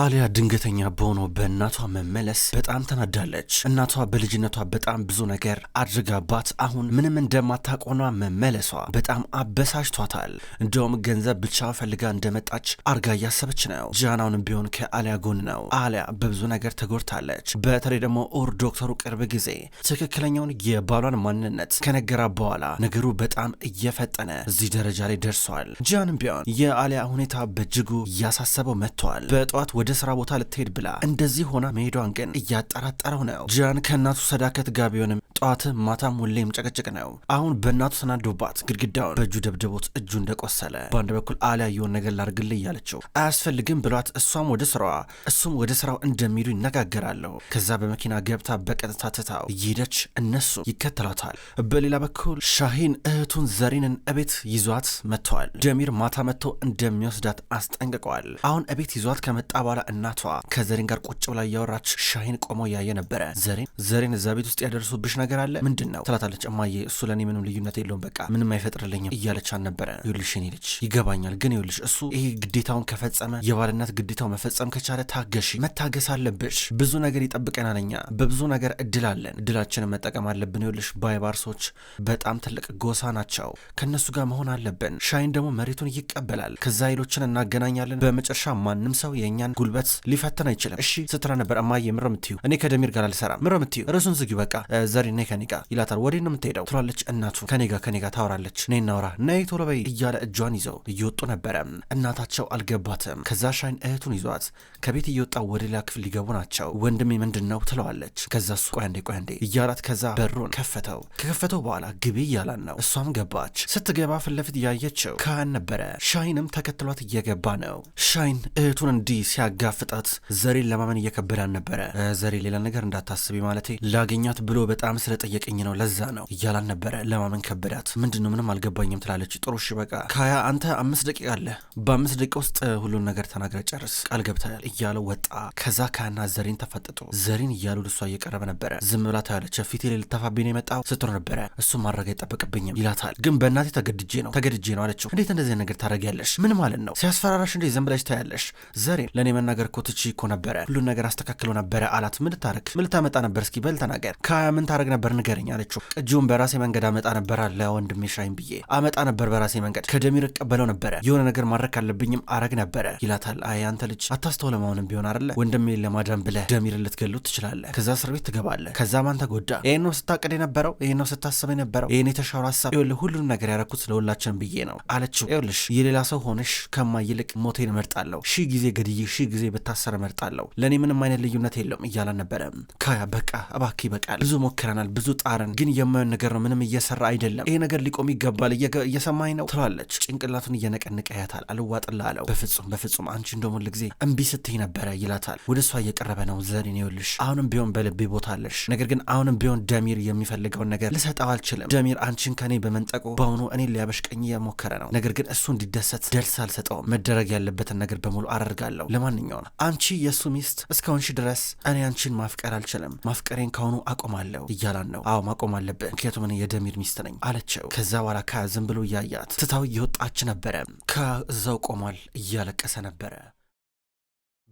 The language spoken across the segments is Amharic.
አሊያ ድንገተኛ በሆኖ በእናቷ መመለስ በጣም ተናዳለች። እናቷ በልጅነቷ በጣም ብዙ ነገር አድርጋባት አሁን ምንም እንደማታውቅ መመለሷ በጣም አበሳጭቷታል። እንደውም ገንዘብ ብቻ ፈልጋ እንደመጣች አርጋ እያሰበች ነው። ጃናውንም ቢሆን ከአሊያ ጎን ነው። አሊያ በብዙ ነገር ተጎድታለች። በተለይ ደግሞ ኦር ዶክተሩ ቅርብ ጊዜ ትክክለኛውን የባሏን ማንነት ከነገራ በኋላ ነገሩ በጣም እየፈጠነ እዚህ ደረጃ ላይ ደርሷል። ጃንም ቢሆን የአሊያ ሁኔታ በእጅጉ እያሳሰበው መጥቷል። በጠዋት ወደ ወደ ስራ ቦታ ልትሄድ ብላ እንደዚህ ሆና መሄዷን ግን እያጠራጠረው ነው። ጃን ከእናቱ ሰዳከት ጋር ቢሆንም ጠዋትም ማታም ሁሌም ጨቅጭቅ ነው። አሁን በእናቱ ተናዶባት ግድግዳውን በእጁ ደብድቦት እጁ እንደቆሰለ በአንድ በኩል አሊያ የሆነ ነገር ላርግል እያለችው አያስፈልግም ብሏት እሷም ወደ ስራዋ እሱም ወደ ስራው እንደሚሄዱ ይነጋገራለሁ። ከዛ በመኪና ገብታ በቀጥታ ትታው እየሄደች እነሱ ይከተሏታል። በሌላ በኩል ሻሂን እህቱን ዘሪንን እቤት ይዟት መጥተዋል። ደሚር ማታ መጥቶ እንደሚወስዳት አስጠንቅቀዋል። አሁን እቤት ይዟት ከመጣ እየተባባለ እናቷ ከዘሬን ጋር ቁጭ ብላ እያወራች ሻሂን ቆሞ እያየ ነበረ። ዘሬን ዘሬን እዛ ቤት ውስጥ ያደርሱብሽ ነገር አለ ምንድን ነው ትላታለች። እማዬ እሱ ለእኔ ምንም ልዩነት የለውም በቃ ምንም አይፈጥርልኝም እያለች አልነበረ። ይኸውልሽ የኔ ልጅ ይገባኛል፣ ግን ይኸውልሽ እሱ ይሄ ግዴታውን ከፈጸመ የባልነት ግዴታው መፈጸም ከቻለ ታገሺ፣ መታገስ አለብሽ። ብዙ ነገር ይጠብቀናል እኛ በብዙ ነገር እድል አለን፣ እድላችንን መጠቀም አለብን። ይኸውልሽ ባይባርሶች በጣም ትልቅ ጎሳ ናቸው፣ ከእነሱ ጋር መሆን አለብን። ሻሂን ደግሞ መሬቱን ይቀበላል። ከዛ ኃይሎችን እናገናኛለን። በመጨረሻ ማንም ሰው የእኛን ጉልበት ሊፈትን አይችልም። እሺ ስትላ ነበር። እማዬ ምር ምትዩ እኔ ከደሚር ጋር አልሰራም። ምር ምትዩ ርዕሱን ዝጊ በቃ ዘሬና ከኔ ጋር ይላታል። ወዴ ነው የምትሄደው ትሏለች። እናቱ ከኔ ጋር ከኔ ጋር ታወራለች። እኔ እናውራ ነይ ቶሎ በይ እያለ እጇን ይዘው እየወጡ ነበረ። እናታቸው አልገባትም። ከዛ ሻይን እህቱን ይዟት ከቤት እየወጣ ወደ ሌላ ክፍል ሊገቡ ናቸው። ወንድሜ ምንድን ነው ትለዋለች። ከዛ እሱ ቆያንዴ ቆያንዴ እያላት ከዛ በሩን ከፈተው። ከከፈተው በኋላ ግቢ እያላን ነው። እሷም ገባች። ስትገባ ፊት ለፊት ያየችው ካህን ነበረ። ሻይንም ተከትሏት እየገባ ነው። ሻይን እህቱን እንዲህ ሲያ ሲያጋፍጣት ዘሬን ለማመን እየከበዳን ነበረ። ዘሬ ሌላ ነገር እንዳታስቢ ማለቴ ላገኛት ብሎ በጣም ስለጠየቀኝ ነው ለዛ ነው እያላን ነበረ። ለማመን ከበዳት። ምንድን ነው ምንም አልገባኝም ትላለች። ጥሩ እሺ በቃ ካያ አንተ አምስት ደቂቃ አለ በአምስት ደቂቃ ውስጥ ሁሉን ነገር ተናግረ ጨርስ ቃል ገብተናል እያለው ወጣ። ከዛ ካህና ዘሬን ተፈጥጦ ዘሬን እያሉ ልሷ እየቀረበ ነበረ። ዝም ብላ ታያለች። ፊቴ ላይ ነው የመጣው ስትሮ ነበረ። እሱ ማድረግ አይጠበቅብኝም ይላታል። ግን በእናቴ ተገድጄ ነው ተገድጄ ነው አለችው። እንዴት እንደዚህ ነገር ታደረጊያለሽ? ምን ማለት ነው ሲያስፈራራሽ? እንዴት ዘንብላሽ ታያለሽ? ዘሬን ለእኔ ለመናገር እኮ ኮ እኮ ነበረ፣ ሁሉን ነገር አስተካክሎ ነበረ አላት። ምን ልታረግ ምን ልታመጣ ነበር? እስኪ በል ተናገር። ከሀያ ምን ታረግ ነበር ንገረኝ አለችው። ቅጂውን በራሴ መንገድ አመጣ ነበር አለ ወንድሜ ሻይን ብዬ አመጣ ነበር በራሴ መንገድ፣ ከደሚር እቀበለው ነበረ። የሆነ ነገር ማድረግ ካለብኝም አረግ ነበረ ይላታል። አይ አንተ ልጅ አታስተውለም። አሁንም ቢሆን አለ ወንድሜ ለማዳን ብለህ ደሚር ልትገሉት ትችላለህ። ከዛ እስር ቤት ትገባለህ። ከዛ ማን ተጎዳ? ይህን ነው ስታቅድ የነበረው፣ ይህን ነው ስታሰብ የነበረው፣ ይህን የተሻሩ ሀሳብ ይወል ሁሉንም ነገር ያረኩት ለሁላችን ብዬ ነው አለችው። ይኸውልሽ የሌላ ሰው ሆነሽ ከማ ይልቅ ሞቴን እመርጣለሁ ሺህ ጊዜ ገድዬ ሺህ ሺህ ጊዜ ብታሰር እመርጣለሁ። ለእኔ ምንም አይነት ልዩነት የለውም እያለ ነበረ። ካያ በቃ እባክህ ይበቃል፣ ብዙ ሞክረናል፣ ብዙ ጣርን፣ ግን የማየውን ነገር ነው። ምንም እየሰራ አይደለም። ይሄ ነገር ሊቆም ይገባል። እየሰማኝ ነው ትላለች ጭንቅላቱን እየነቀነቀ ያታል። አልዋጥላ አለው። በፍጹም በፍጹም አንቺ እንደውም ሁል ጊዜ እምቢ ስትይ ነበረ ይላታል። ወደ እሷ እየቀረበ ነው። ዘሬን ይኸውልሽ፣ አሁንም ቢሆን በልቤ ቦታ አለሽ፣ ነገር ግን አሁንም ቢሆን ደሚር የሚፈልገውን ነገር ልሰጠው አልችልም። ደሚር አንቺን ከኔ በመንጠቁ በአሁኑ እኔን ሊያበሽቀኝ የሞከረ ነው። ነገር ግን እሱ እንዲደሰት ደርስ አልሰጠውም። መደረግ ያለበትን ነገር በሙሉ አደርጋለሁ። ለማን ማንኛውን አንቺ የእሱ ሚስት እስካሁንሽ ድረስ እኔ አንቺን ማፍቀር አልችልም፣ ማፍቀሬን ከሆኑ አቆማለሁ እያላን ነው። አዎ ማቆም አለብን፣ ምክንያቱም እኔ የደሚር ሚስት ነኝ አለችው። ከዛ በኋላ ከዝም ብሎ እያያት ትታው እየወጣች ነበረ። ከዛው ቆሟል፣ እያለቀሰ ነበረ።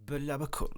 በላ በኩል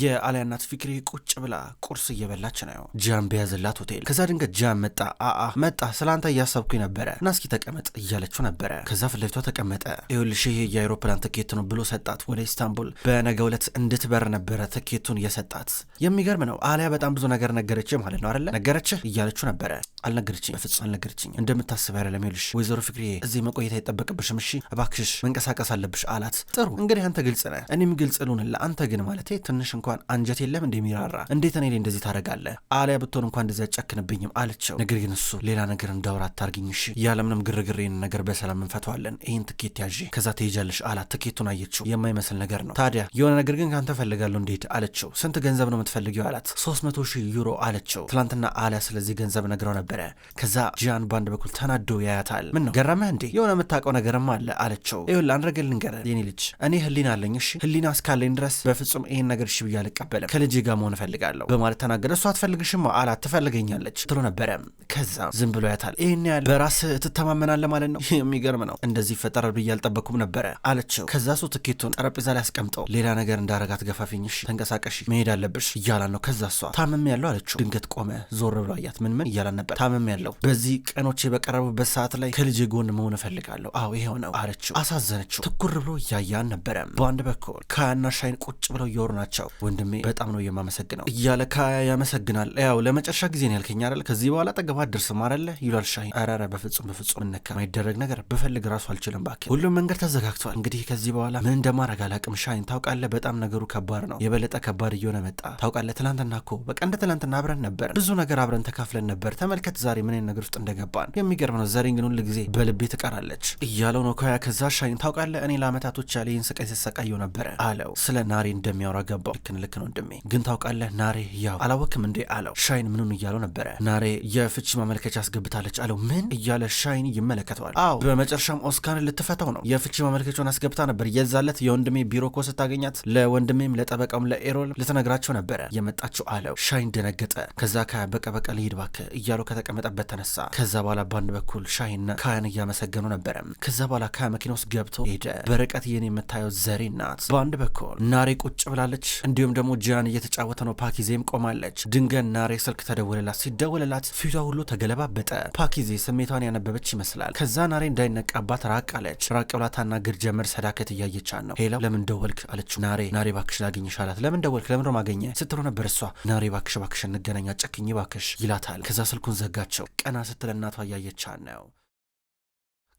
የአሊያ እናት ፊክሪ ቁጭ ብላ ቁርስ እየበላች ነው። ጃን በያዘላት ሆቴል። ከዛ ድንገት ጃን መጣ። አአ መጣ ስላንተ እያሰብኩኝ ነበረ እና እስኪ ተቀመጥ እያለችው ነበረ። ከዛ ፊት ለፊቷ ተቀመጠ። ይኸውልሽ ይህ የአይሮፕላን ትኬት ነው ብሎ ሰጣት። ወደ ኢስታንቡል በነገ ዕለት እንድትበር ነበረ ትኬቱን የሰጣት። የሚገርም ነው። አሊያ በጣም ብዙ ነገር ነገረች ማለት ነው አለ። ነገረችህ እያለችው ነበረ። አልነገረችኝ፣ በፍጹም አልነገረችኝ። እንደምታስብ አይደለም። ይኸውልሽ ወይዘሮ ፊክሪ እዚህ መቆየት አይጠበቅብሽም። እሺ እባክሽሽ መንቀሳቀስ አለብሽ አላት። ጥሩ እንግዲህ አንተ ግልጽ ነህ፣ እኔም ግልጽ ልሁንልህ። አንተ ግን ማለት ትንሽ እንኳን አንጀት የለም እንደሚራራ እንዴት እኔ እንደዚህ ታደርጋለህ? አሊያ ብትሆን እንኳን እንደዚህ አጨክንብኝም አለችው። ነገር ግን እሱ ሌላ ነገር እንዳውራ አታርግኝ እሺ፣ ያለምንም ግርግር ነገር በሰላም እንፈተዋለን። ይህን ትኬት ያዥ፣ ከዛ ትሄጃለሽ አላት። ትኬቱን አየችው። የማይመስል ነገር ነው ታዲያ። የሆነ ነገር ግን ከአንተ ፈልጋለሁ እንዴት አለችው። ስንት ገንዘብ ነው የምትፈልጊው አላት። ሶስት መቶ ሺህ ዩሮ አለችው። ትላንትና አሊያ ስለዚህ ገንዘብ ነግረው ነበረ። ከዛ ጂያን በአንድ በኩል ተናዶ ያያታል። ምን ነው ገረመህ እንዴ? የሆነ የምታውቀው ነገርም አለ አለችው። ይሁላ አንድ ነገር ልንገርህ የኔ ልጅ፣ እኔ ህሊና አለኝ እሺ። ህሊና እስካለኝ ድረስ በፍጹም ይህን ነገር እሺ እያልቀበለ አልቀበልም፣ ከልጅ ጋር መሆን እፈልጋለሁ በማለት ተናገረ። እሷ አትፈልግሽም አላት። ትፈልገኛለች ትሎ ነበረ። ከዛ ዝም ብሎ ያታል። ይህን ያህል በራስ ትተማመናለ ማለት ነው? የሚገርም ነው። እንደዚህ ይፈጠራል ብዬ አልጠበኩም ነበረ አለችው። ከዛ እሱ ትኬቱን ጠረጴዛ ላይ አስቀምጠው ሌላ ነገር እንዳረጋት ገፋፊኝሽ፣ ተንቀሳቀሽ፣ መሄድ አለብሽ እያላን ነው። ከዛ እሷ ታምም ያለው አለችው። ድንገት ቆመ። ዞር ብሎ አያት። ምን ምን እያላን ነበር? ታምም ያለው በዚህ ቀኖቼ በቀረቡበት ሰዓት ላይ ከልጄ ጎን መሆን እፈልጋለሁ። አዎ ይሄው ነው አለችው። አሳዘነችው። ትኩር ብሎ እያያን ነበረ። በአንድ በኩል ካያና ሻይን ቁጭ ብለው እየወሩ ናቸው። ወንድሜ በጣም ነው የማመሰግነው እያለ ካያ ያመሰግናል። ያው ለመጨረሻ ጊዜ ነው ያልከኝ አይደል? ከዚህ በኋላ ጠገባ አትደርስም አይደል? ይሏል ሻሂን። ኧረ ኧረ በፍጹም በፍጹም እነካ የማይደረግ ነገር ብፈልግ ራሱ አልችልም። እባክህ ሁሉም መንገድ ተዘጋግቷል። እንግዲህ ከዚህ በኋላ ምን እንደማድረግ አላቅም። ሻሂን ታውቃለህ፣ በጣም ነገሩ ከባድ ነው። የበለጠ ከባድ እየሆነ መጣ። ታውቃለህ፣ ትላንትና እኮ በቃ እንደ ትላንትና አብረን ነበር፣ ብዙ ነገር አብረን ተካፍለን ነበር። ተመልከት ዛሬ ምን ነገር ውስጥ እንደገባን። የሚገርም ነው። ዘሬን ግን ሁል ጊዜ በልቤ ትቀራለች እያለው ነው ካያ። ከዛ ሻሂን ታውቃለህ፣ እኔ ለአመታቶች ያለ ይህን ስቃይ ስሰቃየው ነበረ አለው። ስለ ናሬ እንደሚያወራ ገባው። ልክ ልክ ነው ወንድሜ፣ ግን ታውቃለህ ናሬ ያው አላወክም እንዴ አለው። ሻይን ምንን እያለው ነበረ። ናሬ የፍቺ ማመልከቻ አስገብታለች አለው። ምን እያለ ሻይን ይመለከተዋል። አዎ በመጨረሻም ኦስካርን ልትፈታው ነው። የፍቺ ማመልከቻውን አስገብታ ነበር። የዛለት የወንድሜ ቢሮ እኮ ስታገኛት ለወንድሜም ለጠበቃውም ለኤሮል ልትነግራቸው ነበረ የመጣችው አለው። ሻይን ደነገጠ። ከዛ ካያ በቃ በቃ ልሂድ እባክህ እያለው ከተቀመጠበት ተነሳ። ከዛ በኋላ በአንድ በኩል ሻይንና ካያን እያመሰገኑ ነበረ። ከዛ በኋላ ካያ መኪና ውስጥ ገብቶ ሄደ። በርቀት የኔ የምታየው ዘሬ ናት። በአንድ በኩል ናሬ ቁጭ ብላለች። እንዲሁም ደግሞ ጂያን እየተጫወተ ነው። ፓኪዜም ቆማለች። ድንገን ናሬ ስልክ ተደወለላት። ሲደወለላት ፊቷ ሁሉ ተገለባበጠ። ፓኪዜ ስሜቷን ያነበበች ይመስላል። ከዛ ናሬ እንዳይነቃባት ራቅ አለች። ራቅ ብላታና ግር ጀመር ሰዳከት እያየቻን ነው። ሄላው ለምን ደወልክ አለችው። ናሬ ናሬ ባክሽ ላገኝሽ አላት። ለምን ደወልክ ለምን ማገኘ ስትሎ ነበር እሷ። ናሬ ባክሽ ባክሽ እንገናኛ ጨክኝ ባክሽ ይላታል። ከዛ ስልኩን ዘጋቸው። ቀና ስትል እናቷ እያየቻን ነው።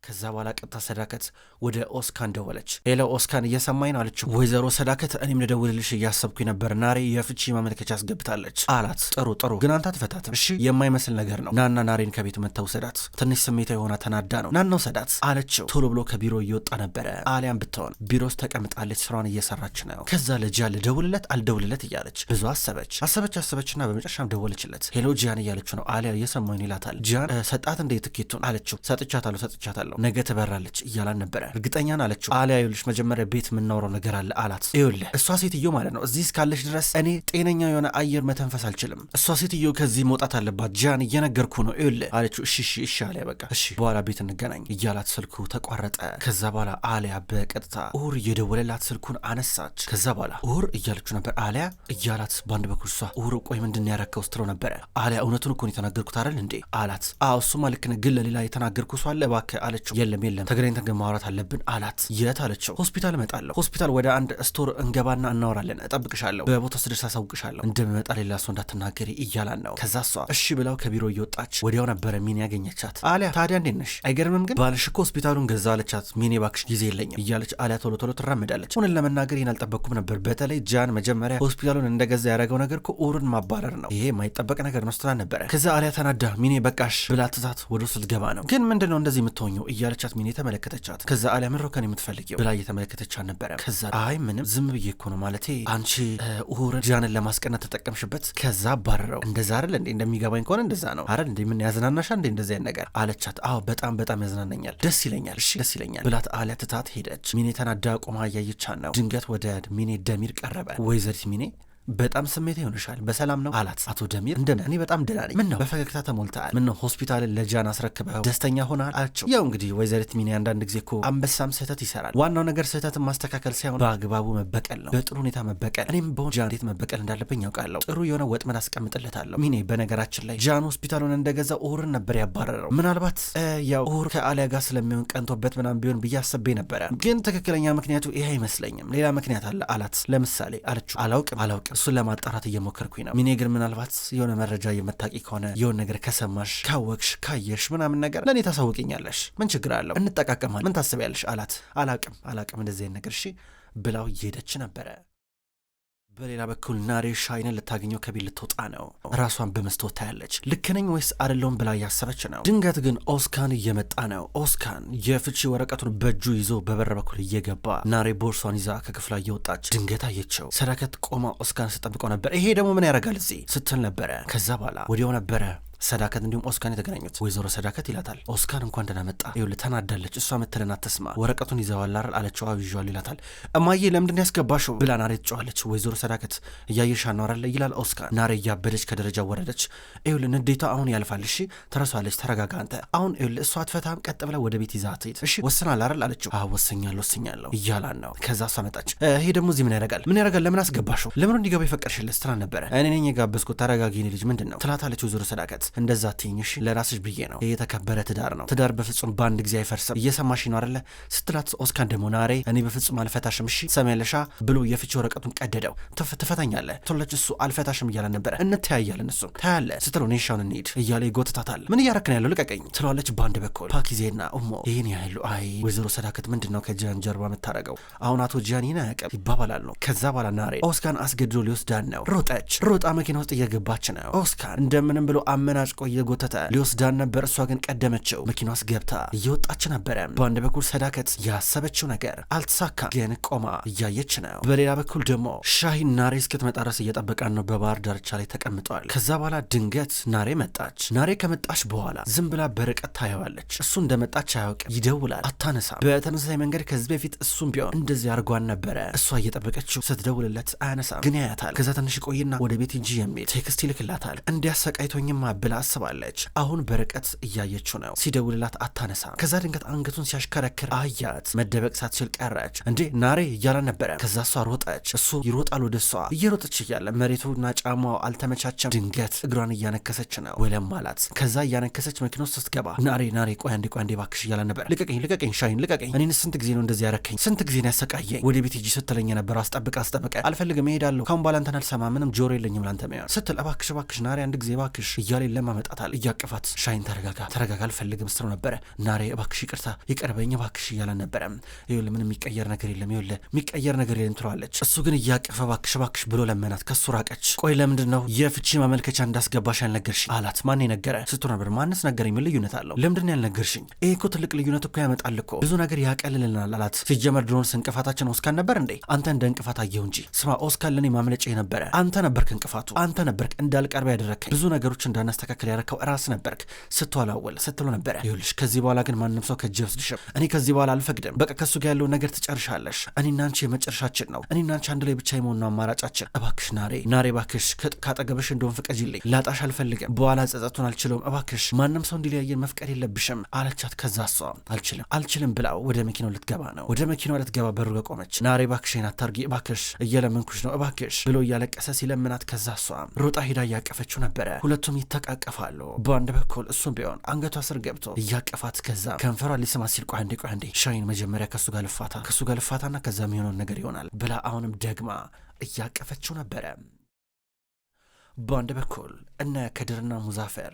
ከዛ በኋላ ቀጥታ ሰዳከት ወደ ኦስካን ደወለች። ሌላው ኦስካን እየሰማኝ ነው አለችው። ወይዘሮ ሰዳከት እኔም ልደውልልሽ እያሰብኩኝ ነበር፣ ናሬ የፍቺ ማመልከቻ አስገብታለች አላት። ጥሩ ጥሩ፣ ግን አንተ አትፈታትም እሺ? የማይመስል ነገር ነው። ናና ናሬን ከቤት መተው ሰዳት። ትንሽ ስሜታ የሆና ተናዳ ነው ናናው ሰዳት አለችው። ቶሎ ብሎ ከቢሮ እየወጣ ነበረ። አሊያም ብትሆን ቢሮ ውስጥ ተቀምጣለች፣ ስራዋን እየሰራች ነው። ከዛ ልጅ ያለ አልደውልለት እያለች ብዙ አሰበች አሰበች አሰበችና በመጨረሻም ደወለችለት። ሄሎ ጂያን እያለችው ነው። አሊያ እየሰማኝ ይላታል። ጂያን ሰጣት እንደ ትኬቱን አለችው። ሰጥቻታለሁ ሰጥቻታለሁ አለው ነገ ትበራለች እያላን ነበረ። እርግጠኛን አለችው። አሊያ ይኸውልሽ መጀመሪያ ቤት የምናውረው ነገር አለ አላት። ይኸውልህ እሷ ሴትዮ ማለት ነው እዚህ እስካለች ድረስ እኔ ጤነኛ የሆነ አየር መተንፈስ አልችልም። እሷ ሴትዮ ከዚህ መውጣት አለባት ጃን፣ እየነገርኩ ነው ይኸውልህ አለችው። እሺ እሺ እሺ አሊያ በቃ እሺ በኋላ ቤት እንገናኝ እያላት ስልኩ ተቋረጠ። ከዛ በኋላ አሊያ በቀጥታ ኡር እየደወለላት ስልኩን አነሳች። ከዛ በኋላ ኡር እያለችው ነበር አሊያ እያላት በአንድ በኩል እሷ ኡር ቆይ ምንድን ያረከው ስትለው ነበረ። አሊያ እውነቱን እኮን የተናገርኩት አይደል እንዴ አላት። አዎ እሱማ ልክ ነህ፣ ግን ለሌላ የተናገርኩ እሷ አለ እባክህ አለች አለችው። የለም የለም ተገናኝተን ግን ማውራት አለብን አላት። የት አለችው። ሆስፒታል እመጣለሁ። ሆስፒታል ወደ አንድ ስቶር እንገባና እናወራለን። እጠብቅሻለሁ። በቦታ ስደርስ አሳውቅሻለሁ። እንደምመጣ ሌላ ሰው እንዳትናገሪ እያላን ነው። ከዛ እሷ እሺ ብላው ከቢሮ እየወጣች ወዲያው ነበረ ሚኒ ያገኘቻት። አሊያ ታዲያ እንዴት ነሽ? አይገርምም ግን ባልሽ እኮ ሆስፒታሉን ገዛ አለቻት። ሚኒ ባክሽ ጊዜ የለኝም እያለች አሊያ ቶሎ ቶሎ ትራመዳለች። ሁንን ለመናገር ይህን አልጠበቅኩም ነበር። በተለይ ጃን መጀመሪያ ሆስፒታሉን እንደገዛ ያደረገው ነገር እኮ ኡርን ማባረር ነው። ይሄ የማይጠበቅ ነገር ነው ስትላ ነበረ። ከዛ አሊያ ተናዳ ሚኒ በቃሽ ብላ ትታት ወደ ውስጥ ልትገባ ነው። ግን ምንድን ነው እንደዚህ የምትሆኘው እያለቻት ሚኔ ተመለከተቻት። ከዛ አሊያ ምሮ ከን የምትፈልጊው ብላ እየተመለከተች ነበረ። ከዛ አይ ምንም ዝም ብዬ እኮ ነው ማለቴ አንቺ ሁርን ጃንን ለማስቀናት ተጠቀምሽበት፣ ከዛ ባረረው። እንደዛ አይደል እንዴ? እንደሚገባኝ ከሆነ እንደዛ ነው አይደል እንዴ? ምን ያዝናናሻ እንዴ እንደዚህ አይነት ነገር አለቻት። አዎ በጣም በጣም ያዝናናኛል፣ ደስ ይለኛል፣ እሺ ደስ ይለኛል ብላት አሊያ ትታት ሄደች። ሚኔ ተናዳ ቆማ እያየቻት ነው። ድንገት ወደ ሚኔ ደሚር ቀረበ። ወይዘሪት ሚኔ በጣም ስሜት ይሆንሻል። በሰላም ነው አላት። አቶ ደሚር እንደነ እኔ በጣም ደህና ነኝ። ምነው በፈገግታ ተሞልተሃል? ምነው ሆስፒታልን ለጃን አስረክበው ደስተኛ ሆናል አላቸው። ያው እንግዲህ ወይዘሪት ሚኒ አንዳንድ ጊዜ እኮ አንበሳም ስህተት ይሰራል። ዋናው ነገር ስህተትን ማስተካከል ሳይሆን በአግባቡ መበቀል ነው፣ በጥሩ ሁኔታ መበቀል። እኔም በሆን ጃን እንዴት መበቀል እንዳለብኝ ያውቃለሁ። ጥሩ የሆነ ወጥመድ አስቀምጥለታለሁ። ሚኒ በነገራችን ላይ ጃን ሆስፒታሉን እንደገዛ ኡሁርን ነበር ያባረረው። ምናልባት ያው ኡሁር ከአሊያ ጋር ስለሚሆን ቀንቶበት ምናም ቢሆን ብዬ አሰቤ ነበረ፣ ግን ትክክለኛ ምክንያቱ ይሄ አይመስለኝም። ሌላ ምክንያት አለ አላት። ለምሳሌ አለችው። አላውቅም አላውቅም እሱን ለማጣራት እየሞከርኩኝ ነው። ሚኔ ግን ምናልባት የሆነ መረጃ የምታቂ ከሆነ የሆነ ነገር ከሰማሽ፣ ካወቅሽ፣ ካየሽ ምናምን ነገር ለእኔ ታሳውቅኛለሽ። ምን ችግር አለው? እንጠቃቀማል። ምን ታስቢያለሽ? አላት። አላቅም አላቅም እንደዚህ ነገር እሺ ብላው እየሄደች ነበረ። በሌላ በኩል ናሬ ሻይንን ልታገኘው ከቤት ልትወጣ ነው። ራሷን በመስታወት ታያለች። ልክ ነኝ ወይስ አይደለሁም ብላ እያሰበች ነው። ድንገት ግን ኦስካን እየመጣ ነው። ኦስካን የፍቺ ወረቀቱን በእጁ ይዞ በበር በኩል እየገባ ናሬ ቦርሷን ይዛ ከክፍሏ እየወጣች ድንገት አየችው። ሰረከት ቆማ ኦስካን ስጠብቀው ነበር። ይሄ ደግሞ ምን ያደርጋል እዚህ ስትል ነበረ። ከዛ በኋላ ወዲያው ነበረ ሰዳከት እንዲሁም ኦስካን የተገናኙት። ወይዘሮ ሰዳከት ይላታል። ኦስካን እንኳን ደህና መጣ፣ ይኸውልህ ተናዳለች፣ እሷ ምትልን አትስማ፣ ወረቀቱን ይዘዋል አለችው። አብዣል ይላታል። እማዬ ለምንድን ያስገባሽው ብላ ናሬ ትጨዋለች። ወይዘሮ ሰዳከት እያየሻ አናወራለ ይላል ኦስካን። ናሬ እያበደች ከደረጃ ወረደች። ይኸውልህ ንዴቷ አሁን ያልፋል፣ እሺ ተረሷለች፣ ተረጋጋ አንተ አሁን ይኸውልህ እሷ አትፈታም፣ ቀጥ ብላ ወደ ቤት ይዛ ትሄድ፣ እሺ ወስናል አይደል አለችው። አዎ ወስኛለሁ፣ ወሰኛለሁ እያላን ነው። ከዛ እሷ መጣች። ይሄ ደግሞ እዚህ ምን ያደርጋል? ምን ያደርጋል? ለምን አስገባሽው? ለምን እንዲገባ የፈቀድሽለት? ስትራ ነበረ እኔ ነኝ የጋበዝኩት፣ ተረጋጊ ልጅ ምንድን ነው ትላታለች ወይዘሮ ሰዳከት እንደዛ ትኝሽ ለራስሽ ብዬ ነው። የተከበረ ትዳር ነው። ትዳር በፍጹም በአንድ ጊዜ አይፈርስም። እየሰማሽ ነው አለ ስትላት ኦስካን ደግሞ ናሬ እኔ በፍጹም አልፈታሽም እሺ ሰሚያለሻ ብሎ የፍቺ ወረቀቱን ቀደደው። ትፈታኛለ ቶለች እሱ አልፈታሽም እያለ ነበረ። እንተያያለን እሱን ታያለ ስትለው እኔ እንሄድ እያለ ይጎትታታል። ምን እያረክን ያለው ልቀቀኝ ትለዋለች። በአንድ በኩል ፓኪዜና እሞ ይህን ያህሉ አይ ወይዘሮ ሰዳክት ምንድን ነው ከጃን ጀርባ የምታደረገው? አሁን አቶ ጂያን ይህን አያውቅም ይባባላሉ። ከዛ በኋላ ናሬ ኦስካን አስገድዶ ሊወስዳን ነው። ሮጠች ሮጣ መኪና ውስጥ እየገባች ነው። ኦስካን እንደምንም ብሎ አመና አመናጭቆ እየጎተተ ሊወስዳን ነበር። እሷ ግን ቀደመችው። መኪናስ ገብታ እየወጣች ነበረ። በአንድ በኩል ሰዳከት ያሰበችው ነገር አልተሳካም፣ ግን ቆማ እያየች ነው። በሌላ በኩል ደግሞ ሻሂን ናሬ እስክትመጣ ድረስ እየጠበቃን ነው። በባህር ዳርቻ ላይ ተቀምጧል። ከዛ በኋላ ድንገት ናሬ መጣች። ናሬ ከመጣች በኋላ ዝም ብላ በርቀት ታየዋለች። እሱ እንደመጣች አያውቅም። ይደውላል፣ አታነሳም። በተመሳሳይ መንገድ ከዚህ በፊት እሱም ቢሆን እንደዚህ አድርጓን ነበረ። እሷ እየጠበቀችው ስትደውልለት አያነሳም፣ ግን ያያታል። ከዛ ትንሽ ቆይና ወደ ቤት እንጂ የሚል ቴክስት ይልክላታል። እንዲያሰቃይቶኝም ብላ ብላ አስባለች። አሁን በርቀት እያየችው ነው። ሲደውልላት አታነሳ። ከዛ ድንገት አንገቱን ሲያሽከረክር አያት። መደበቅ ሳትችል ቀረች። እንዴ ናሬ እያለ ነበረ። ከዛ እሷ ሮጠች፣ እሱ ይሮጣል ወደ እሷ። እየሮጠች እያለ መሬቱና ጫማው አልተመቻቸም። ድንገት እግሯን እያነከሰች ነው። ወለም አላት። ከዛ እያነከሰች መኪና ውስጥ ስትገባ ናሬ ናሬ፣ ቆይ አንዴ ቆይ አንዴ ባክሽ እያለ ነበረ። ልቀቀኝ ልቀቀኝ፣ ሻይን ልቀቀኝ። እኔን ስንት ጊዜ ነው እንደዚህ ያረከኝ? ስንት ጊዜ ነው ያሰቃየኝ? ወደ ቤት ሂጂ ስትለኝ ነበረ። አስጠብቀ አስጠብቀ አልፈልግም፣ እሄዳለሁ። ካሁን በኋላ አንተን አልሰማ ምንም ጆሮ የለኝም ላንተ ሚሆን ስትል፣ እባክሽ እባክሽ ናሬ አንድ ጊዜ እባክሽ እያለ ሻይን ለማመጣታል እያቀፋት ሻይን ተረጋጋ ተረጋጋ አልፈልግም ስትለው ነበረ። ናሬ እባክሽ ይቅርታ ይቀርበኝ እባክሽ እያለ ነበረ። ይኸውልህ ምን የሚቀየር ነገር የለም ይኸውልህ የሚቀየር ነገር የለም ትለዋለች። እሱ ግን እያቀፈ እባክሽ እባክሽ ብሎ ለመናት። ከሱ ራቀች። ቆይ ለምንድን ነው የፍቺ ማመልከቻ እንዳስገባሽ ያልነገርሽ አላት። ማን የነገረ ስትሆን ነበር። ማንስ ነገር የሚል ልዩነት አለው። ለምንድን ነው ያልነገርሽኝ? ይሄ እኮ ትልቅ ልዩነት እኮ ያመጣል እኮ ብዙ ነገር ያቀልልናል አላት። ሲጀመር ድሮንስ እንቅፋታችን ኦስካን ነበር እንዴ? አንተ እንደ እንቅፋት አየሁ እንጂ ስማ ኦስካን ለእኔ ማምለጫ ነበረ። አንተ ነበርክ እንቅፋቱ፣ አንተ ነበርክ እንዳልቀርበ ያደረግከኝ ብዙ ነገሮች እንዳነስ ማስተካከል ያረከው ራስ ነበርክ ስትወላወል ስትሎ ነበረ። ይኸውልሽ ከዚህ በኋላ ግን ማንም ሰው ከእጅ ወስድሽም። እኔ ከዚህ በኋላ አልፈቅድም። በቃ ከሱ ጋር ያለው ነገር ትጨርሻለሽ። እኔና አንቺ የመጨረሻችን ነው። እኔና አንቺ አንድ ላይ ብቻ የመሆኑ አማራጫችን። እባክሽ ናሬ፣ ናሬ እባክሽ ካጠገብሽ እንደሆን ፍቀጅልኝ። ላጣሽ አልፈልግም። በኋላ ጸጸቱን አልችለውም። እባክሽ ማንም ሰው እንዲለያየን መፍቀድ የለብሽም አለቻት። ከዛ እሷ አልችልም አልችልም ብላው ወደ መኪናው ልትገባ ነው። ወደ መኪናው ልትገባ በሩ ጋር ቆመች። ናሬ እባክሽን አታርጊ፣ እባክሽ እየለመንኩሽ ነው፣ እባክሽ ብሎ እያለቀሰ ሲለምናት ከዛ እሷ ሮጣ ሄዳ እያቀፈችው ነበረ። ሁለቱም ይታቃ ያቀፋሉ በአንድ በኩል እሱም ቢሆን አንገቷ ስር ገብቶ እያቀፋት ከዛ ከንፈሯ ሊስማት ሲል ቆይ አንዴ ቆይ አንዴ ሻይን መጀመሪያ ከሱ ጋር ልፋታ ከሱ ጋር ልፋታና ከዛ የሚሆነውን ነገር ይሆናል ብላ አሁንም ደግማ እያቀፈችው ነበረ። በአንድ በኩል እነ ከድርና ሙዛፈር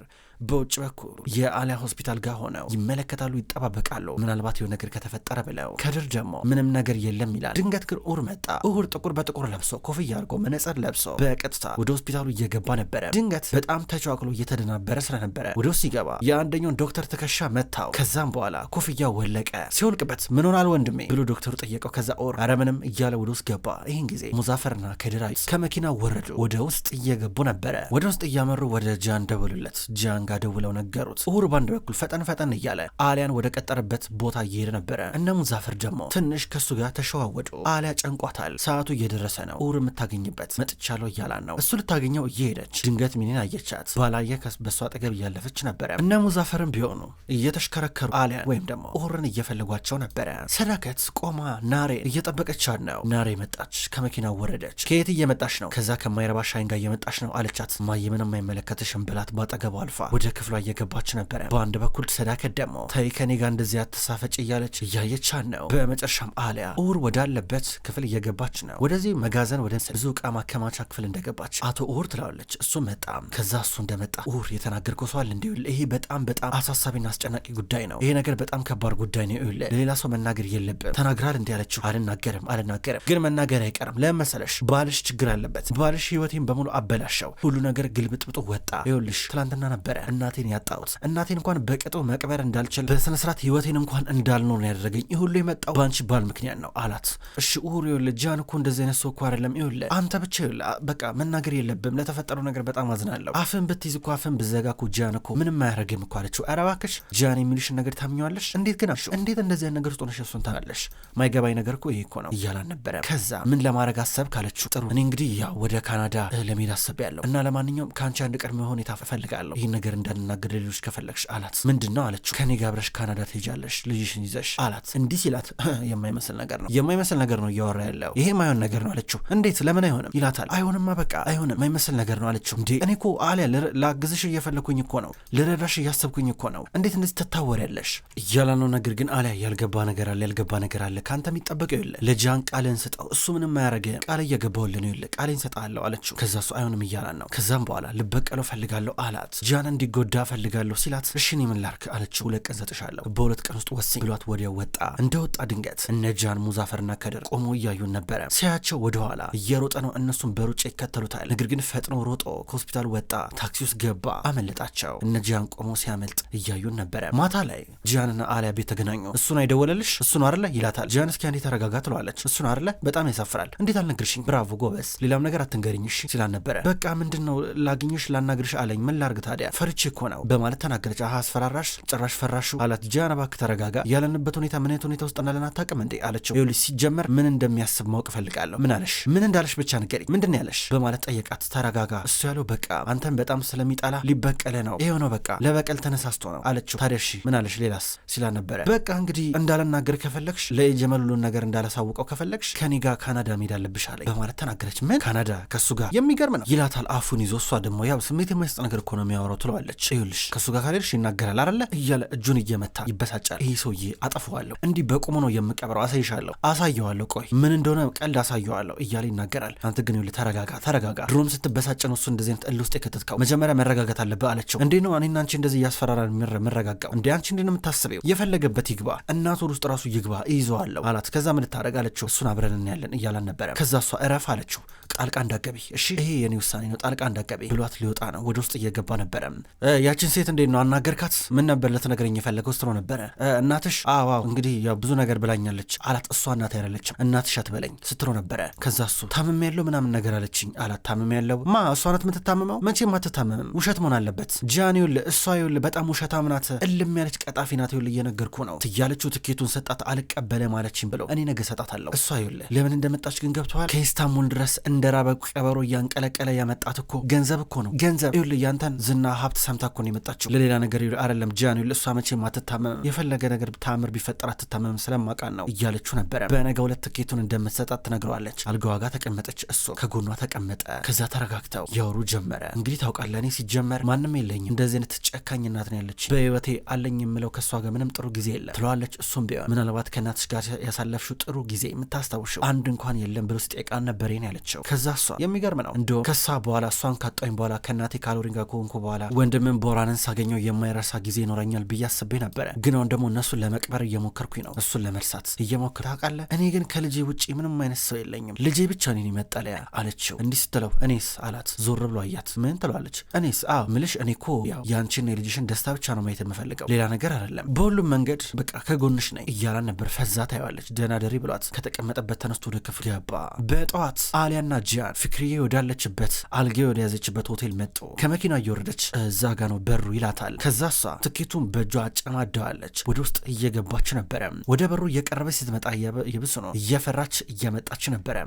በውጭ በኩል የአሊያ ሆስፒታል ጋር ሆነው ይመለከታሉ፣ ይጠባበቃሉ። ምናልባት የሆነ ነገር ከተፈጠረ ብለው ከድር ደግሞ ምንም ነገር የለም ይላል። ድንገት ግን ኡር መጣ። ኡር ጥቁር በጥቁር ለብሶ ኮፍያ አድርጎ መነጽር ለብሶ በቀጥታ ወደ ሆስፒታሉ እየገባ ነበረ። ድንገት በጣም ተቸዋክሎ እየተደናበረ ስለነበረ ወደ ውስጥ ሲገባ የአንደኛውን ዶክተር ትከሻ መታው። ከዛም በኋላ ኮፍያ ወለቀ። ሲወልቅበት ምን ሆናል ወንድሜ ብሎ ዶክተሩ ጠየቀው። ከዛ ኡር ኧረ ምንም እያለ ወደ ውስጥ ገባ። ይህን ጊዜ ሙዛፈርና ከድራ ከመኪና ወረዱ። ወደ ውስጥ እየገቡ ነበረ። ወደ ውስጥ እያመሩ ወደ ጃን ደወሉለት። ጃን ጋር ደውለው ነገሩት። ኡሁር ባንድ በኩል ፈጠን ፈጠን እያለ አሊያን ወደ ቀጠረበት ቦታ እየሄደ ነበረ። እነ ሙዛፍር ደግሞ ትንሽ ከሱ ጋር ተሸዋወዱ። አሊያ ጨንቋታል። ሰዓቱ እየደረሰ ነው፣ ኡሁር የምታገኝበት መጥቻለሁ እያላን ነው። እሱ ልታገኘው እየሄደች ድንገት ሚኒን አየቻት። ባላየ በሷ አጠገብ እያለፈች ነበረ። እነ ሙዛፈርም ቢሆኑ እየተሽከረከሩ አሊያን ወይም ደግሞ ኡሁርን እየፈለጓቸው ነበረ። ሰዳከት ቆማ ናሬ እየጠበቀቻት ነው። ናሬ መጣች። ከመኪና ወረደች። ከየት እየመጣች ነው? ከዛ ከማይረባ ሻይን ጋር እየመጣች ነው አለቻት። ማየምን የማይመለከትሽን ብላት ባጠገቡ አልፋ ወደ ክፍሏ እየገባች ነበረ። በአንድ በኩል ሰዳከት ደግሞ ተይ ከኔ ጋር እንደዚህ አትሳፈጭ እያለች እያየቻን ነው። በመጨረሻም አሊያ ኡር ወዳለበት ክፍል እየገባች ነው። ወደዚህ መጋዘን ወደ ብዙ እቃ ማከማቻ ክፍል እንደገባች አቶ ኡር ትላለች። እሱ መጣም ከዛ እሱ እንደመጣ ኡር የተናገርከው ሰዋል እንዲ ይሄ በጣም በጣም አሳሳቢና አስጨናቂ ጉዳይ ነው። ይሄ ነገር በጣም ከባድ ጉዳይ ነው። ይለ ለሌላ ሰው መናገር የለብም ተናግራል። እንዲ ያለችው አልናገርም አልናገርም ግን መናገር አይቀርም ለመሰለሽ ባልሽ ችግር አለበት። ባልሽ ህይወቴን በሙሉ አበላሸው። ሁሉ ነገር ግልብጥብጡ ወጣ። ይኸውልሽ ትላንትና ነበረ እናቴን ያጣሁት እናቴን እንኳን በቅጡ መቅበር እንዳልችል በስነ ስርዓት ህይወቴን እንኳን እንዳልኖር ነው ያደረገኝ። ይህ ሁሉ የመጣው ባንቺ ባል ምክንያት ነው አላት። እሺ ኡሁር ይኸውልህ፣ ጃን እኮ እንደዚህ አይነት ሰው እኮ አይደለም። ይኸውልህ አንተ ብቻ ይኸውልህ፣ በቃ መናገር የለብም ለተፈጠረው ነገር በጣም አዝናለሁ። አፍን ብትይዝ እኮ አፍን ብዘጋ እኮ ጃን እኮ ምንም አያደርግም እኮ አለችው። ኧረ እባክሽ ጃን የሚልሽን ነገር ታምኘዋለሽ? እንዴት ግን እንዴት እንደዚህ አይነት ነገር ውስጥ ሆነሽ እሱን ታላለሽ? ማይገባኝ ነገር እኮ ይሄ እኮ ነው እያላን ነበረ። ከዛ ምን ለማድረግ አሰብክ አለችው። ጥሩ እኔ እንግዲህ ያው ወደ ካናዳ ለመሄድ አሰብ ያለው እና ለማንኛውም ከአንቺ አንድ ቀድሞ የሆን የታፈልጋለሁ ይህን ነገር እንዳንናገር ሌሎች ከፈለግሽ አላት። ምንድን ነው አለችው። ከኔ ጋር አብረሽ ካናዳ ትሄጃለሽ ልጅሽን ይዘሽ አላት። እንዲህ ሲላት የማይመስል ነገር ነው የማይመስል ነገር ነው እያወራ ያለው ይሄ ማይሆን ነገር ነው አለችው። እንዴት ለምን አይሆንም ይላታል። አይሆንማ በቃ አይሆንም የማይመስል ነገር ነው አለችው። እንዴ እኔ እኮ አሊያ ላግዝሽ እየፈለግኩኝ እኮ ነው ልረዳሽ እያሰብኩኝ እኮ ነው እንዴት እንደዚህ ትታወሪያለሽ እያላ ነው። ነገር ግን አሊያ ያልገባ ነገር አለ ያልገባ ነገር አለ ከአንተ የሚጠበቀው የለ ለጃን ቃልን ስጠው እሱ ምንም አያረግም ቃል እየገባውልን የለ ቃሌን ሰጣለሁ አለችው። ከዛ እሱ አይሆንም እያላን ነው። ከዛም በኋላ ልበቀለው ፈልጋለሁ አላት። ጃን እንዲ እንዲጎዳ ፈልጋለሁ ሲላት እሽን የምላርክ ምን አለችው። ሁለት ቀን ሰጥሻለሁ፣ በሁለት ቀን ውስጥ ወስኝ ብሏት ወዲያው ወጣ። እንደወጣ ድንገት እነ ጃን ሙዛፈርና ከድር ቆሞ እያዩን ነበረ። ሲያቸው ወደኋላ እየሮጠ ነው፣ እነሱም በሩጫ ይከተሉታል። ነገር ግን ፈጥኖ ሮጦ ከሆስፒታል ወጣ፣ ታክሲ ውስጥ ገባ፣ አመለጣቸው። እነ ጃን ቆመው ሲያመልጥ እያዩን ነበረ። ማታ ላይ ጃንና አሊያ ቤት ተገናኙ። እሱን አይደወለልሽ እሱን አለ ይላታል። ጃን እስኪ አንዴ ተረጋጋ ትለዋለች። እሱን አለ በጣም ያሳፍራል። እንዴት አልነግርሽኝ? ብራቮ ጎበስ፣ ሌላም ነገር አትንገርኝሽ ሲላል ነበረ። በቃ ምንድን ነው ላግኝሽ ላናግርሽ አለኝ። ምን ላርግ ታዲያ ፈር እያለች እኮ ነው በማለት ተናገረች። አሀ አስፈራራሽ፣ ጭራሽ ፈራሹ አላት። ጂያን እባክህ ተረጋጋ፣ ያለንበት ሁኔታ ምን አይነት ሁኔታ ውስጥ እንዳለን አታውቅም እንዴ አለችው። ይኸውልሽ ሲጀመር ምን እንደሚያስብ ማወቅ እፈልጋለሁ። ምን አለሽ? ምን እንዳለሽ ብቻ ንገሪኝ፣ ምንድን ያለሽ? በማለት ጠየቃት። ተረጋጋ፣ እሱ ያለው በቃ አንተን በጣም ስለሚጠላ ሊበቀለ ነው ይሄው ነው በቃ ለበቀል ተነሳስቶ ነው አለችው። ታዲያ እሺ ምን አለሽ ሌላስ? ሲላ ነበረ። በቃ እንግዲህ እንዳልናገር ከፈለግሽ ለጀመል ሁሉን ነገር እንዳላሳውቀው ከፈለግሽ ከኔ ጋር ካናዳ መሄድ አለብሽ አለኝ በማለት ተናገረች። ምን ካናዳ ከሱ ጋር የሚገርም ነው ይላታል አፉን ይዞ እሷ ደግሞ ያው ስሜት የማይስጥ ነገር እኮ ነው የሚያወራው ትለዋል ትገባለች። ይኸውልሽ ከእሱ ጋር ካልሄድሽ ይናገራል አለ እያለ እጁን እየመታ ይበሳጫል። ይህ ሰውዬ አጠፋዋለሁ፣ እንዲህ በቁሙ ነው የምቀብረው፣ አሳይሻለሁ፣ አሳየዋለሁ፣ ቆይ ምን እንደሆነ ቀልድ አሳየዋለሁ እያለ ይናገራል። አንተ ግን ይኸውልህ ተረጋጋ፣ ተረጋጋ። ድሮም ስትበሳጭ ነው እሱ እንደዚህ አይነት እል ውስጥ የከተትከው፣ መጀመሪያ መረጋጋት አለብህ አለችው። እንዴ ነው እኔና አንቺ እንደዚህ እያስፈራራን የምንረጋጋው? እንዴ አንቺ እንዴ ነው የምታስበው? የፈለገበት ይግባ፣ እናቱ ውስጥ ራሱ ይግባ፣ እይዘዋለሁ አላት። ከዛ ምን ልታደርግ አለችው። እሱን አብረን እናያለን እያላን ነበረ። ከዛ እሷ እረፍ አለችው። ጣልቃ እንዳገቢ እሺ፣ ይሄ የኔ ውሳኔ ነው፣ ጣልቃ እንዳገቢ ብሏት ሊወጣ ነው። ወደ ውስጥ እየገባ ነበረም። ያችን ሴት እንዴት ነው አናገርካት? ምን ነበር ለተነገረኝ የፈለገው ስትሎ ነበረ። እናትሽ አዎ እንግዲህ ብዙ ነገር ብላኛለች አላት። እሷ እናት አይደለችም እናትሽ አትበለኝ ስትሎ ነበረ። ከዛ እሱ ታምም ያለው ምናምን ነገር አለችኝ አላት። ታምም ያለው ማ እሷ ናት የምትታምመው? መቼም አትታምምም። ውሸት መሆን አለበት ጃን ይውል እሷ ይውል በጣም ውሸታም ናት፣ እልም ያለች ቀጣፊ ናት። ይውል እየነገርኩ ነው ትያለችው። ትኬቱን ሰጣት። አልቀበለም አለችኝ ብለው እኔ ነገ ሰጣታለሁ። እሷ ይውል ለምን እንደመጣች ግን ገብተዋል። ከኢስታንቡል ድረስ እንደራበ ቀበሮ እያንቀለቀለ ያመጣት እኮ ገንዘብ እኮ ነው ገንዘብ። ይውል ያንተን ዝና ሀብት ሰምታ እኮ ነው የመጣችው ለሌላ ነገር አይደለም። ጃኑ፣ ለእሷ መቼም አትታመምም፣ የፈለገ ነገር ታምር ቢፈጠር አትታመምም ስለማውቃት ነው እያለችው ነበረ። በነገ ሁለት ትኬቱን እንደምትሰጣት ትነግረዋለች። አልጋዋ ጋር ተቀመጠች፣ እሱ ከጎኗ ተቀመጠ። ከዛ ተረጋግተው ያወሩ ጀመረ። እንግዲህ ታውቃለህ፣ እኔ ሲጀመር ማንም የለኝም እንደዚህ አይነት ጨካኝ እናት ነው ያለች በህይወቴ አለኝ የምለው ከእሷ ጋር ምንም ጥሩ ጊዜ የለም ትለዋለች። እሱም ቢሆን ምናልባት ከእናትሽ ጋር ያሳለፍሽው ጥሩ ጊዜ የምታስታውሽው አንድ እንኳን የለም ብሎ ሲጠይቃት ነበሬን ያለችው። ከዛ እሷ የሚገርም ነው እንዲሁም ከሷ በኋላ እሷን ካጣኝ በኋላ ከእናቴ ካሎሪን ጋር ከሆንኩ በኋላ ወንድምን ቦራንን ሳገኘው የማይረሳ ጊዜ ይኖረኛል ብዬ አስቤ ነበረ። ግን አሁን ደግሞ እነሱን ለመቅበር እየሞከርኩኝ ነው። እሱን ለመርሳት እየሞከር ታውቃለህ። እኔ ግን ከልጄ ውጭ ምንም አይነት ሰው የለኝም። ልጄ ብቻ እኔን መጠለያ አለችው። እንዲህ ስትለው እኔስ አላት። ዞር ብሎ አያት። ምን ትለዋለች? እኔስ አ ምልሽ እኔ ኮ ያው የአንቺና የልጅሽን ደስታ ብቻ ነው ማየት የምፈልገው ሌላ ነገር አይደለም። በሁሉም መንገድ በቃ ከጎንሽ ነኝ እያላን ነበር። ፈዛ ታየዋለች። ደናደሪ ብሏት ከተቀመጠበት ተነስቶ ወደ ክፍል ገባ። በጠዋት አሊያና ጂያን ፍክርዬ ወዳለችበት አልጌ ወደያዘችበት ሆቴል መጡ። ከመኪና እየወረደች እዛ ጋ ነው በሩ ይላታል። ከዛ እሷ ትኬቱን በእጇ አጨማደዋለች። ወደ ውስጥ እየገባች ነበረ። ወደ በሩ እየቀረበ ስትመጣ የብሱ ነው እየፈራች እየመጣች ነበረ።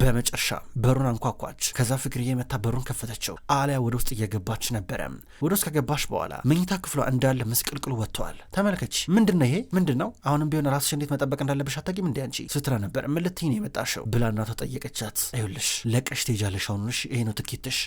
በመጨረሻ በሩን አንኳኳች። ከዛ ፍቅር የመታ በሩን ከፈተችው። አሊያ ወደ ውስጥ እየገባች ነበረ። ወደ ውስጥ ከገባች በኋላ መኝታ ክፍሏ እንዳለ ምስቅልቅሉ ወጥተዋል። ተመልከች፣ ምንድን ነው ይሄ? ምንድን ነው? አሁንም ቢሆን ራስሽ እንዴት መጠበቅ እንዳለብሽ አታውቂም እንዲ አንቺ ስትለ ነበር። ምን ልትይ ነው የመጣሽው ብላ እናቷ ጠየቀቻት። ይኸውልሽ ለቀሽ ትሄጃለሽ፣ አሁኑሽ ይሄ ነው ትኬትሽ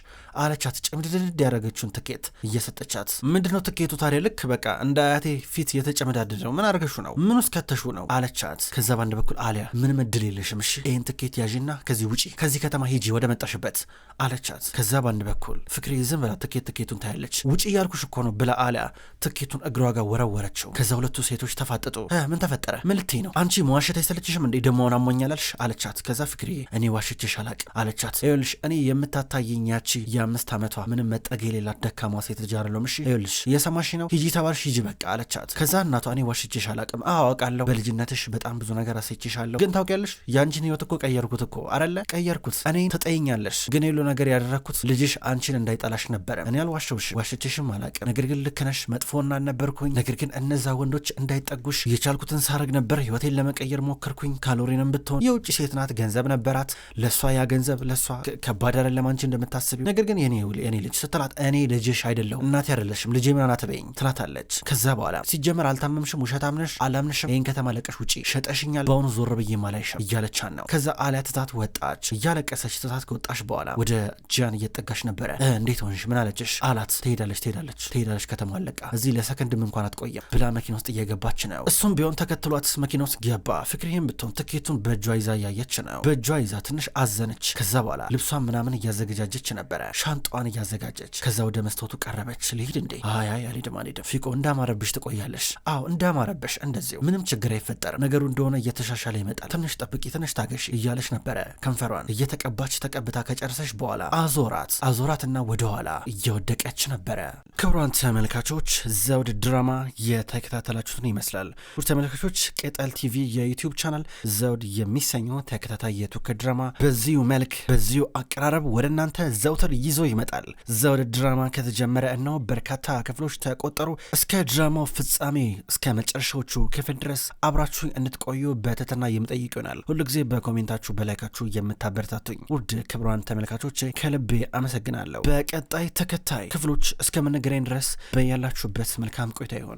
አለቻት። ጭምድድድ ያደረገችውን ትኬት እየሰጠቻት ምንድነው ትኬቱ ታዲያ ልክ በቃ እንደ አያቴ ፊት የተጨመዳደደው ምን አርገሹ ነው ምን ውስጥ ከተሹ ነው አለቻት። ከዛ በአንድ በኩል አሊያ ምንም እድል የለሽም እሺ ይህን ትኬት ያዥና ከዚህ ውጪ ከዚህ ከተማ ሂጂ ወደ መጣሽበት አለቻት። ከዛ በአንድ በኩል ፍቅሬ ዝም ብላ ትኬት ትኬቱን ታያለች። ውጪ እያልኩሽ እኮ ነው ብላ አሊያ ትኬቱን እግሯ ጋር ወረወረችው። ከዛ ሁለቱ ሴቶች ተፋጠጡ። ምን ተፈጠረ? ምን ልትይ ነው አንቺ መዋሸት አይሰለችሽም እንዴ ደሞውን አሞኛላልሽ አለቻት። ከዛ ፍቅሬ እኔ ዋሽችሽ አላቅ አለቻት። ይኸውልሽ እኔ የምታታየኛቺ የአምስት ዓመቷ ምንም መጠገ የሌላት ደካማ ሴት ሴት ልጅ አይደለሁም። እሺ ይኸውልሽ የሰማሽ ነው ሂጂ ተባልሽ ሂጂ በቃ አለቻት። ከዛ እናቷ እኔ ዋሽቼሽ አላቅም፣ አዋቃለሁ፣ በልጅነትሽ በጣም ብዙ ነገር አሳይቼሻለሁ። ግን ታውቂያለሽ የአንቺን ህይወት እኮ ቀየርኩት እኮ አደለ ቀየርኩት። እኔ ተጠይኛለሽ፣ ግን የሉ ነገር ያደረግኩት ልጅሽ አንቺን እንዳይጠላሽ ነበረ። እኔ አልዋሸሁሽም፣ ዋሽቼሽም አላቅም። ነገር ግን ልክ ነሽ፣ መጥፎና ነበርኩኝ። ነገር ግን እነዛ ወንዶች እንዳይጠጉሽ የቻልኩትን ሳረግ ነበር። ህይወቴን ለመቀየር ሞከርኩኝ። ካሎሪንም ብትሆን የውጭ ሴት ናት፣ ገንዘብ ነበራት። ለእሷ ያ ገንዘብ ለእሷ ከባድ አይደለም አንቺ እንደምታስቢው። ነገር ግን የኔ ልጅ ስትላት እኔ ልጅሽ አይደለም አይደለሁም እናቴ አይደለሽም ልጄ ምናምን አትበይኝ ትላታለች። ከዛ በኋላ ሲጀመር አልታመምሽም፣ ውሸት አምነሽ አላምንሽም፣ ይህን ከተማ ለቀሽ ውጪ፣ ሸጠሽኛል፣ በአሁኑ ዞር ብዬ ማላይሻ እያለቻን ነው። ከዛ አሊያ ትታት ወጣች። እያለቀሰች ትታት ከወጣሽ በኋላ ወደ ጂያን እየጠጋሽ ነበረ። እንዴት ሆንሽ? ምን አለችሽ? አላት። ትሄዳለች ትሄዳለች ትሄዳለች ከተማ አለቃ እዚህ ለሰከንድም እንኳን አትቆየም ብላ መኪና ውስጥ እየገባች ነው። እሱም ቢሆን ተከትሏት መኪና ውስጥ ገባ። ፍቅርህም ብትሆን ትኬቱን በእጇ ይዛ እያየች ነው። በእጇ ይዛ ትንሽ አዘነች። ከዛ በኋላ ልብሷን ምናምን እያዘገጃጀች ነበረ፣ ሻንጣዋን እያዘጋጀች ከዛ ወደ መስታወቱ ቀረ እየተቃረበች ልሂድ እንዴ? አይ አይ አልሄድም አልሄድም። ፊቆ እንዳማረብሽ ትቆያለሽ። አዎ እንዳማረብሽ፣ እንደዚሁ ምንም ችግር አይፈጠርም። ነገሩ እንደሆነ እየተሻሻለ ይመጣል። ትንሽ ጠብቂ፣ ትንሽ ታገሽ እያለች ነበረ። ከንፈሯን እየተቀባች ተቀብታ ከጨረሰች በኋላ አዞራት አዞራትና ወደኋላ እየወደቀች ነበረ። ክብሯን ተመልካቾች ዘውድ ድራማ የተከታተላችሁትን ይመስላል። ውድ ተመልካቾች ቅጠል ቲቪ የዩቲዩብ ቻናል ዘውድ የሚሰኘው ተከታታይ የቱርክ ድራማ በዚሁ መልክ በዚሁ አቀራረብ ወደ እናንተ ዘውትር ይዞ ይመጣል። ዘውድ ድራማ ከተጀመ ተጀመረ እናው በርካታ ክፍሎች ተቆጠሩ። እስከ ድራማው ፍጻሜ እስከ መጨረሻዎቹ ክፍል ድረስ አብራችሁ እንድትቆዩ በትህትና የምጠይቅ ይሆናል። ሁሉ ጊዜ በኮሜንታችሁ በላይካችሁ የምታበረታቱኝ ውድ ክብሯን ተመልካቾች ከልቤ አመሰግናለሁ። በቀጣይ ተከታይ ክፍሎች እስከምንገናኝ ድረስ በያላችሁበት መልካም ቆይታ ይሆን።